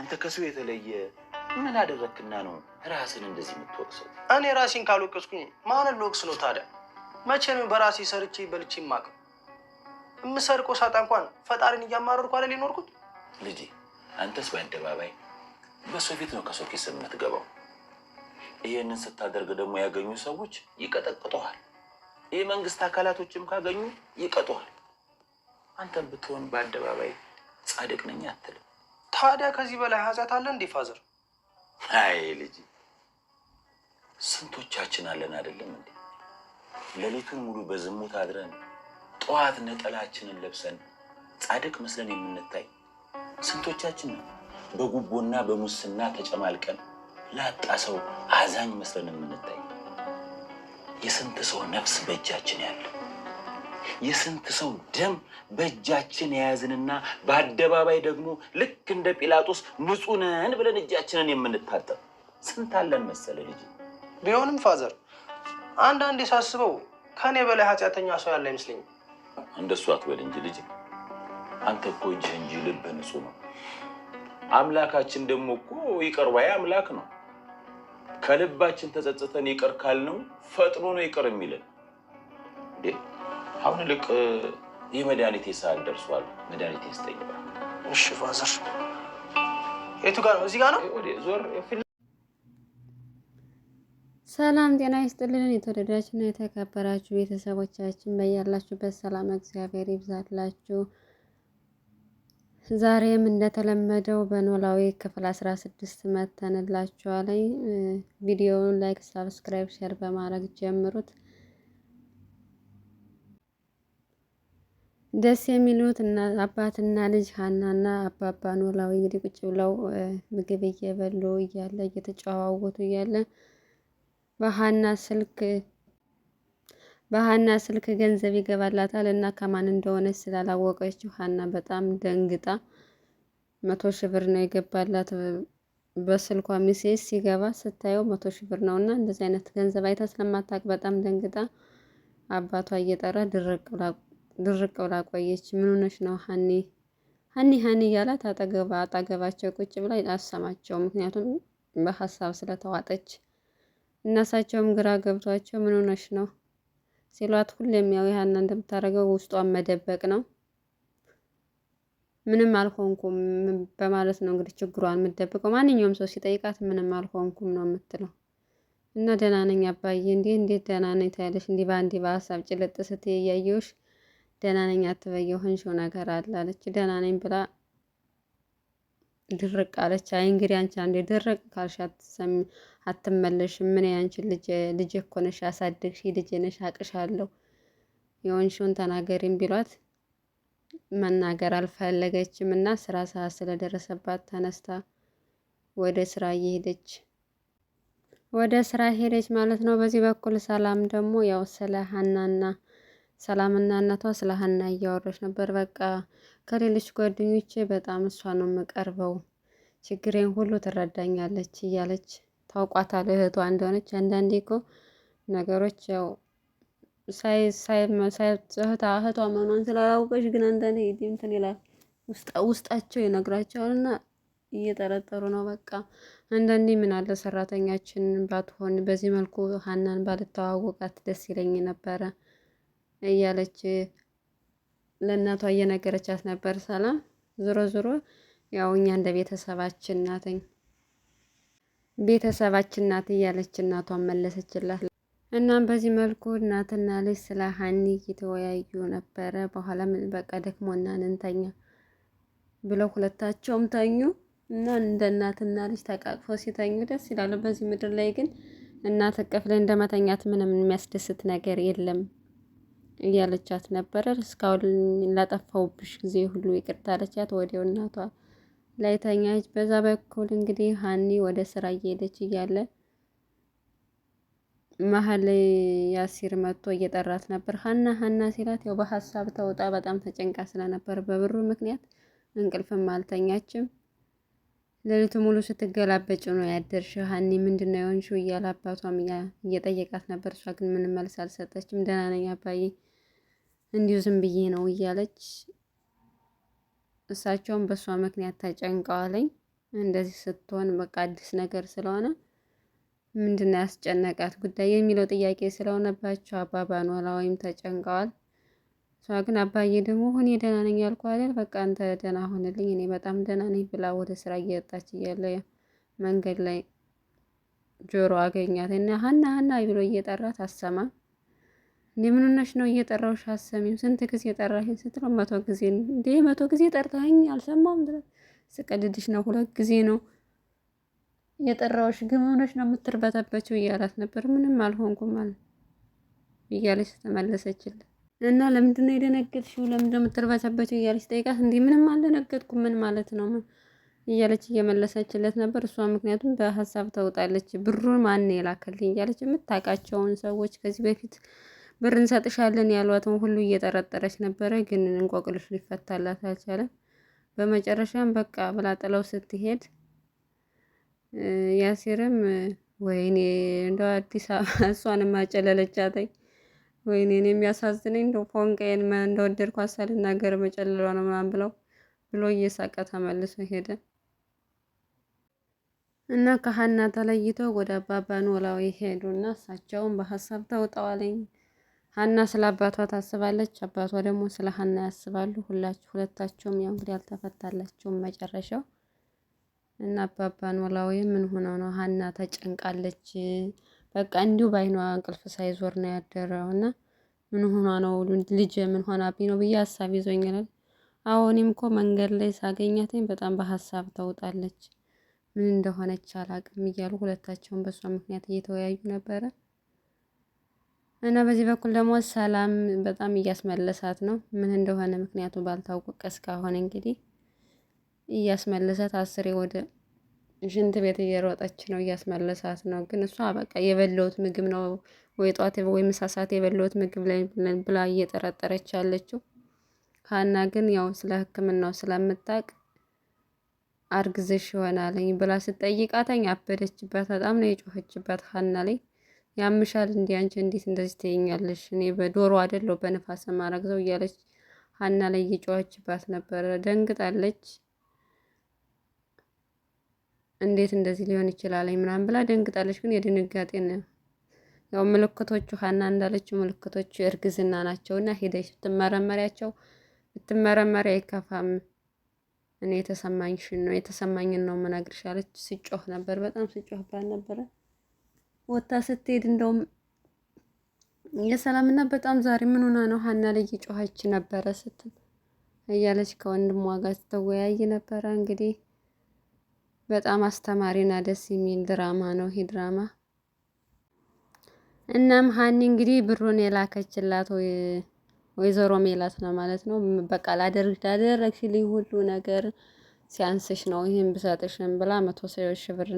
አንተ ከሰው የተለየ ምን አደረክና ነው ራስን እንደዚህ የምትወቅሰው? እኔ ራሴን ካልወቀስኩኝ ማንን ልወቅስ ነው ታዲያ? መቼ ነው በራሴ ሰርቼ በልቼ የማውቀው? የምሰርቆ ሳጣ እንኳን ፈጣሪን እያማረርኩ አለ ሊኖርኩት። ልጄ አንተስ በአደባባይ በሰው ፊት ነው ከሰው ኪስ የምትገባው። ይህንን ስታደርግ ደግሞ ያገኙ ሰዎች ይቀጠቅጠዋል። የመንግስት አካላቶችም ካገኙ ይቀጠዋል አንተም ብትሆን በአደባባይ ጻድቅ ነኝ አትልም። ታዲያ ከዚህ በላይ ሀዘት አለ እንዴ ፋዘር? አይ ልጅ ስንቶቻችን አለን አይደለም እንዴ? ሌሊቱን ሙሉ በዝሙት አድረን ጠዋት ነጠላችንን ለብሰን ጻድቅ መስለን የምንታይ ስንቶቻችን ነው? በጉቦና በሙስና ተጨማልቀን ላጣ ሰው አዛኝ መስለን የምንታይ የስንት ሰው ነፍስ በእጃችን ያለ የስንት ሰው ደም በእጃችን የያዝንና በአደባባይ ደግሞ ልክ እንደ ጲላጦስ ንጹህ ነን ብለን እጃችንን የምንታጠብ ስንት አለን መሰለ ልጅ። ቢሆንም ፋዘር አንዳንዴ ሳስበው ከእኔ በላይ ኃጢአተኛ ሰው ያለ አይመስለኝም። እንደሱ አትበል እንጂ ልጅ፣ አንተ እኮ እጅህ እንጂ ልብ ንጹህ ነው። አምላካችን ደግሞ እኮ ይቅር ባይ አምላክ ነው። ከልባችን ተጸጽተን ይቅር ካልነው ፈጥኖ ነው ይቅር የሚለን። አሁን ልቅ ይህ መድኃኒቴ ሰዓት ደርሷል። መድኃኒቴ ስጠኝ። እሺ ፋዘር። የቱ ጋር ነው? እዚህ ጋር ነው። ሰላም ጤና ይስጥልን። የተወደዳችሁና የተከበራችሁ ቤተሰቦቻችን በያላችሁበት ሰላም እግዚአብሔር ይብዛላችሁ። ዛሬም እንደተለመደው በኖላዊ ክፍል አስራ ስድስት መተንላችኋለኝ። ቪዲዮውን ላይክ፣ ሳብስክራይብ፣ ሼር በማድረግ ጀምሩት። ደስ የሚሉት አባትና ልጅ ሀናና አባባ ኖላዊ እንግዲህ ቁጭ ብለው ምግብ እየበሉ እያለ እየተጨዋወቱ እያለ በሀና ስልክ በሀና ስልክ ገንዘብ ይገባላታል እና ከማን እንደሆነ ስላላወቀችው ሀና በጣም ደንግጣ መቶ ሺህ ብር ነው የገባላት በስልኳ ሚሴ ሲገባ ስታየው መቶ ሺህ ብር ነው እና እንደዚህ አይነት ገንዘብ አይታ ስለማታውቅ በጣም ደንግጣ አባቷ እየጠራ ድርቅ ብላ ድርቅ ብላ ቆየች። ምን ሆነሽ ነው ሀኒ ሀኒ ሀኒ እያላት አጠገባ አጠገባቸው ቁጭ ብላ አሰማቸው። ምክንያቱም በሀሳብ ስለተዋጠች እናሳቸውም ግራ ገብቷቸው ምን ሆነሽ ነው ሲሏት ሁሌም ያው ሀና እንደምታደርገው ውስጧን መደበቅ ነው። ምንም አልሆንኩም በማለት ነው እንግዲህ ችግሯን የምትደብቀው። ማንኛውም ሰው ሲጠይቃት ምንም አልሆንኩም ነው የምትለው። እና ደህና ነኝ አባዬ፣ እንዲህ እንዴት ደህና ነኝ ታያለሽ? እንዲህ በአንዲህ በሀሳብ ጭልጥ ስትይ እያየሁሽ ደህና ነኝ አትበይ፣ የሆንሽው ነገር አለ አለች። ደህና ነኝ ብላ ድርቅ አለች። አይ እንግዲህ አንቺ አንዴ ድርቅ ካልሽ አትሰሚ አትመለሽም። ምን ያንቺን ልጅ እኮ ነሽ ያሳደግሽ ልጅ ነሽ አቅሻለሁ፣ የሆንሽውን ተናገሪም ቢሏት መናገር አልፈለገችም እና ስራ ሰዓት ስለደረሰባት ተነስታ ወደ ስራ እየሄደች ወደ ስራ ሄደች ማለት ነው። በዚህ በኩል ሰላም ደግሞ ያው ስለ ሀናና ሰላምና እናቷ ስለ ሀና እያወራች ነበር። በቃ ከሌሎች ጓደኞች በጣም እሷ ነው የምቀርበው፣ ችግሬን ሁሉ ትረዳኛለች እያለች ታውቋታል፣ እህቷ እንደሆነች። አንዳንዴ እኮ ነገሮች ያው እህቷ መሆኗን ስላላውቀች ግን አንዳንዴ እንትን ይላል፣ ውስጣቸው ይነግራቸዋልና እየጠረጠሩ ነው። በቃ አንዳንዴ ምን አለ ሰራተኛችን ባትሆን፣ በዚህ መልኩ ሀናን ባልተዋወቃት ደስ ይለኝ ነበረ እያለች ለእናቷ እየነገረቻት ነበር። ሰላም ዞሮ ዞሮ ያው እኛ እንደ ቤተሰባችን ናትኝ ቤተሰባችን ናት እያለች እናቷን መለሰችላት። እናም በዚህ መልኩ እናትና ልጅ ስለ ሀኒ የተወያዩ ነበረ። በኋላ በቃ ደክሞና እንንተኛ ብለው ሁለታቸውም ተኙ እና እንደ እናትና ልጅ ተቃቅፈው ሲተኙ ደስ ይላሉ። በዚህ ምድር ላይ ግን እናት እቅፍ ላይ እንደመተኛት ምንም የሚያስደስት ነገር የለም። እያለቻት ነበረ። እስካሁን ላጠፋውብሽ ጊዜ ሁሉ ይቅርታ አለቻት። ወዲያው እናቷ ላይ ተኛች። በዛ በኩል እንግዲህ ሀኒ ወደ ስራ እየሄደች እያለ መሀል ያሲር መጥቶ እየጠራት ነበር። ሀና ሀና ሲላት ያው በሀሳብ ተውጣ በጣም ተጨንቃ ስለነበር በብሩ ምክንያት እንቅልፍም አልተኛችም። ሌሊቱ ሙሉ ስትገላበጭ ነው ያደርሽው ሀኒ ምንድን ነው የሆንሽው እያለ አባቷም እየጠየቃት ነበር። እሷ ግን ምንም መልስ አልሰጠችም። ደህና ነኝ አባዬ፣ እንዲሁ ዝም ብዬ ነው እያለች እሳቸውም በእሷ ምክንያት ተጨንቀዋለኝ። እንደዚህ ስትሆን በቃ አዲስ ነገር ስለሆነ ምንድን ነው ያስጨነቃት ጉዳይ የሚለው ጥያቄ ስለሆነባቸው አባባ ኖላ ወይም ተጨንቀዋል። እሷ ግን አባዬ ደግሞ እኔ ደህና ነኝ ያልኩህ አይደል በቃ አንተ ደህና ሆንልኝ እኔ በጣም ደህና ነኝ ብላ ወደ ስራ እየወጣች እያለ መንገድ ላይ ጆሮ አገኛት እና ሀና ሀና ብሎ እየጠራት አሰማ። እንዴ ነው እየጠራሁሽ አሰሚው ስንት ጊዜ ጠራሽኝ ስትለው መቶ ጊዜ እንዴ መቶ ጊዜ ጠርታኝ አልሰማም ስቀድድሽ ነው ሁለት ጊዜ ነው የጠራሁሽ ግምኖች ነው የምትርበተበችው እያላት ነበር ምንም አልሆንኩም አለ እያለች ተመለሰችልን እና ለምንድን ነው የደነገጥሽው? ለምንድን ነው የምትርበተበችው? እያለች ጠይቃት፣ እንዲህ ምንም አልደነገጥኩም ምን ማለት ነው እያለች እየመለሰችለት ነበር። እሷ ምክንያቱም በሀሳብ ተውጣለች። ብሩን ማን የላከልኝ እያለች የምታውቃቸውን ሰዎች ከዚህ በፊት ብር እንሰጥሻለን ያሏትን ሁሉ እየጠረጠረች ነበረ። ግን እንቆቅልሽ ሊፈታላት አልቻለም። በመጨረሻም በቃ ብላ ጥለው ስትሄድ ያሲርም ወይኔ እንደ አዲስ አበባ እሷንም አጨለለቻተኝ ወይኔን የሚያሳዝነኝ እንደው ፎንቃዬን እንደወደድኳት ሳልናገር መጨለሏ ነው ምናምን ብለው ብሎ እየሳቀ ተመልሶ ሄደ እና ከሀና ተለይተው ወደ አባባ ኖላዊ ሄዱና እሳቸውን በሀሳብ ተውጠዋለኝ። ሀና ስለ አባቷ ታስባለች፣ አባቷ ደግሞ ስለ ሀና ያስባሉ። ሁላችሁ ሁለታቸውም ያው እንግዲህ አልተፈታላቸውም መጨረሻው እና አባባ ኖላዊ ምን ሆነው ነው ሀና ተጨንቃለች በቃ እንዲሁ በአይኗ እንቅልፍ ሳይዞር ነው ያደረው እና ምን ሆኗ ነው ልጅ ምን ቢ ነው ብዬ ሀሳብ ይዞኛል። አዎ እኔም እኮ መንገድ ላይ ሳገኛትኝ በጣም በሀሳብ ተውጣለች። ምን እንደሆነች አላቅም እያሉ ሁለታቸውን በእሷ ምክንያት እየተወያዩ ነበረ። እና በዚህ በኩል ደግሞ ሰላም በጣም እያስመለሳት ነው ምን እንደሆነ ምክንያቱ ባልታወቀ እስካሁን እንግዲህ እያስመለሳት አስሬ ወደ ሽንት ቤት እየሮጠች ነው፣ እያስመለሳት ነው። ግን እሷ በቃ የበለውት ምግብ ነው ወይ ጧት ወይ ምሳሳት የበለውት ምግብ ላይ ብላ እየጠረጠረች ያለችው። ሀና ግን ያው ስለ ሕክምናው ስለምታቅ አርግዝሽ ይሆናለኝ ብላ ስጠይቃተኝ አበደችበት። በጣም ነው የጮኸችበት ሀና ላይ ያምሻል እንዲ አንቺ እንዴት እንደዚህ ትይኛለሽ? እኔ በዶሮ አይደለሁ በንፋስ ማረግዘው እያለች ሀና ላይ እየጮኸችባት ነበረ። ደንግጣለች። እንዴት እንደዚህ ሊሆን ይችላል ምናምን ብላ ደንግጣለች። ግን የድንጋጤ ነው ያው ምልክቶቹ ሀና እንዳለችው ምልክቶቹ እርግዝና ናቸውና ሄደሽ ብትመረመሪያቸው ብትመረመሪ አይከፋም። እኔ የተሰማኝሽን ነው የተሰማኝን ነው የምነግርሽ አለች። ስጮህ ነበር በጣም ስጮህ ባል ነበረ ወታ ስትሄድ እንደውም የሰላምና በጣም ዛሬ ምን ሆና ነው ሀና ላይ እየጮኸች ነበረ ስትል እያለች ከወንድሟ ጋር ስተወያይ ነበረ እንግዲህ በጣም አስተማሪና ደስ የሚል ድራማ ነው ይሄ ድራማ። እናም ሀኒ እንግዲህ ብሩን የላከችላት ወይዘሮ ሜላት ነው ማለት ነው። በቃ ላደርግ ላደረግሽልኝ ሁሉ ነገር ሲያንስሽ ነው ይህን ብሰጥሽን ብላ መቶ ሰዎች ሺህ ብር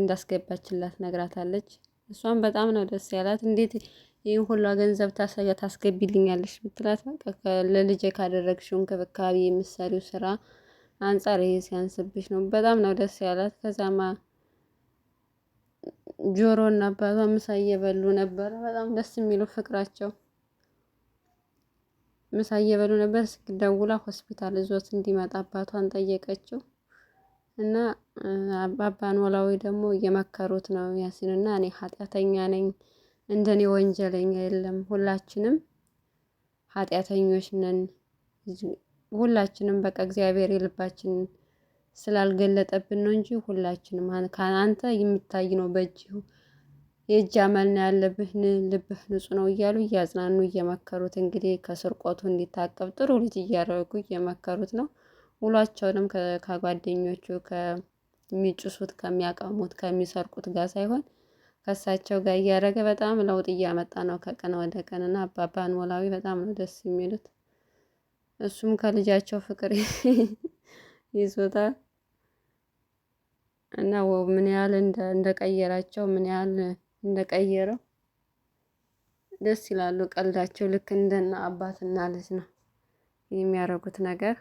እንዳስገባችላት ነግራታለች። እሷም በጣም ነው ደስ ያላት። እንዴት ይህን ሁሉ ገንዘብ ታስገቢልኛለሽ ብትላት በቃ ለልጄ ካደረግሽው እንክብካቤ የምትሰሪው ስራ አንጻር ይሄ ሲያንስብሽ ነው። በጣም ነው ደስ ያላት። ከዛማ ጆሮና አባቷ ምሳ እየበሉ ነበር። በጣም ደስ የሚሉ ፍቅራቸው ምሳ እየበሉ ነበር። ስደውላ ሆስፒታል እዞት እንዲመጣ አባቷን ጠየቀችው እና አባን ኖላዊ ደግሞ እየመከሩት ነው ያሲን እና እኔ ኃጢአተኛ ነኝ፣ እንደኔ ወንጀለኛ የለም፣ ሁላችንም ኃጢአተኞች ነን ሁላችንም በቃ እግዚአብሔር የልባችንን ስላልገለጠብን ነው እንጂ ሁላችንም ከአንተ የሚታይ ነው በእጅ የእጅ አመል ነው ያለብህ፣ ልብህ ንጹህ ነው እያሉ እያጽናኑ እየመከሩት እንግዲህ ከስርቆቱ እንዲታቀብ ጥሩ ልጅ እያደረጉ እየመከሩት ነው። ውሏቸውንም ከጓደኞቹ ከሚጭሱት፣ ከሚያቀሙት፣ ከሚሰርቁት ጋር ሳይሆን ከእሳቸው ጋር እያደረገ በጣም ለውጥ እያመጣ ነው ከቀን ወደ ቀን እና አባባን ኖላዊ በጣም ነው ደስ የሚሉት። እሱም ከልጃቸው ፍቅር ይዞታል እና ምን ያህል እንደቀየራቸው ምን ያህል እንደቀየረው ደስ ይላሉ። ቀልዳቸው ልክ እንደና አባትና ልጅ ነው የሚያደርጉት ነገር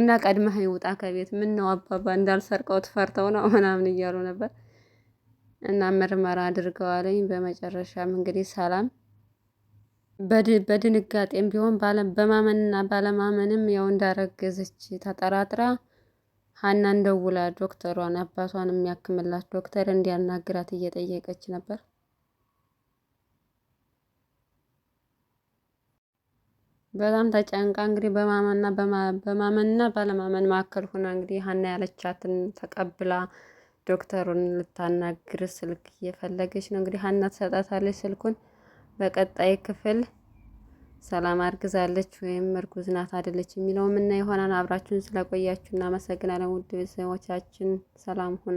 እና ቀድመህ ይውጣ ከቤት ምን ነው አባባ እንዳልሰርቀው ትፈርተው ነው ምናምን እያሉ ነበር እና ምርመራ አድርገዋለኝ። በመጨረሻም እንግዲህ ሰላም በድንጋጤም ቢሆን በማመንና ባለማመንም ያው እንዳረገዘች ተጠራጥራ ሀና እንደውላ ዶክተሯን አባቷን የሚያክምላት ዶክተር እንዲያናግራት እየጠየቀች ነበር። በጣም ተጨንቃ እንግዲህ በማመንና በማመንና ባለማመን መካከል ሆና እንግዲህ ሀና ያለቻትን ተቀብላ ዶክተሩን ልታናግር ስልክ እየፈለገች ነው። እንግዲህ ሀና ትሰጣታለች ስልኩን በቀጣይ ክፍል ሰላም አርግዛለች ወይም እርጉዝ ናት አይደለች የሚለው እና ይሆናል። አብራችሁን ስለቆያችሁ እናመሰግናለን። ውድ ቤተሰቦቻችን ሰላም ሁኑ።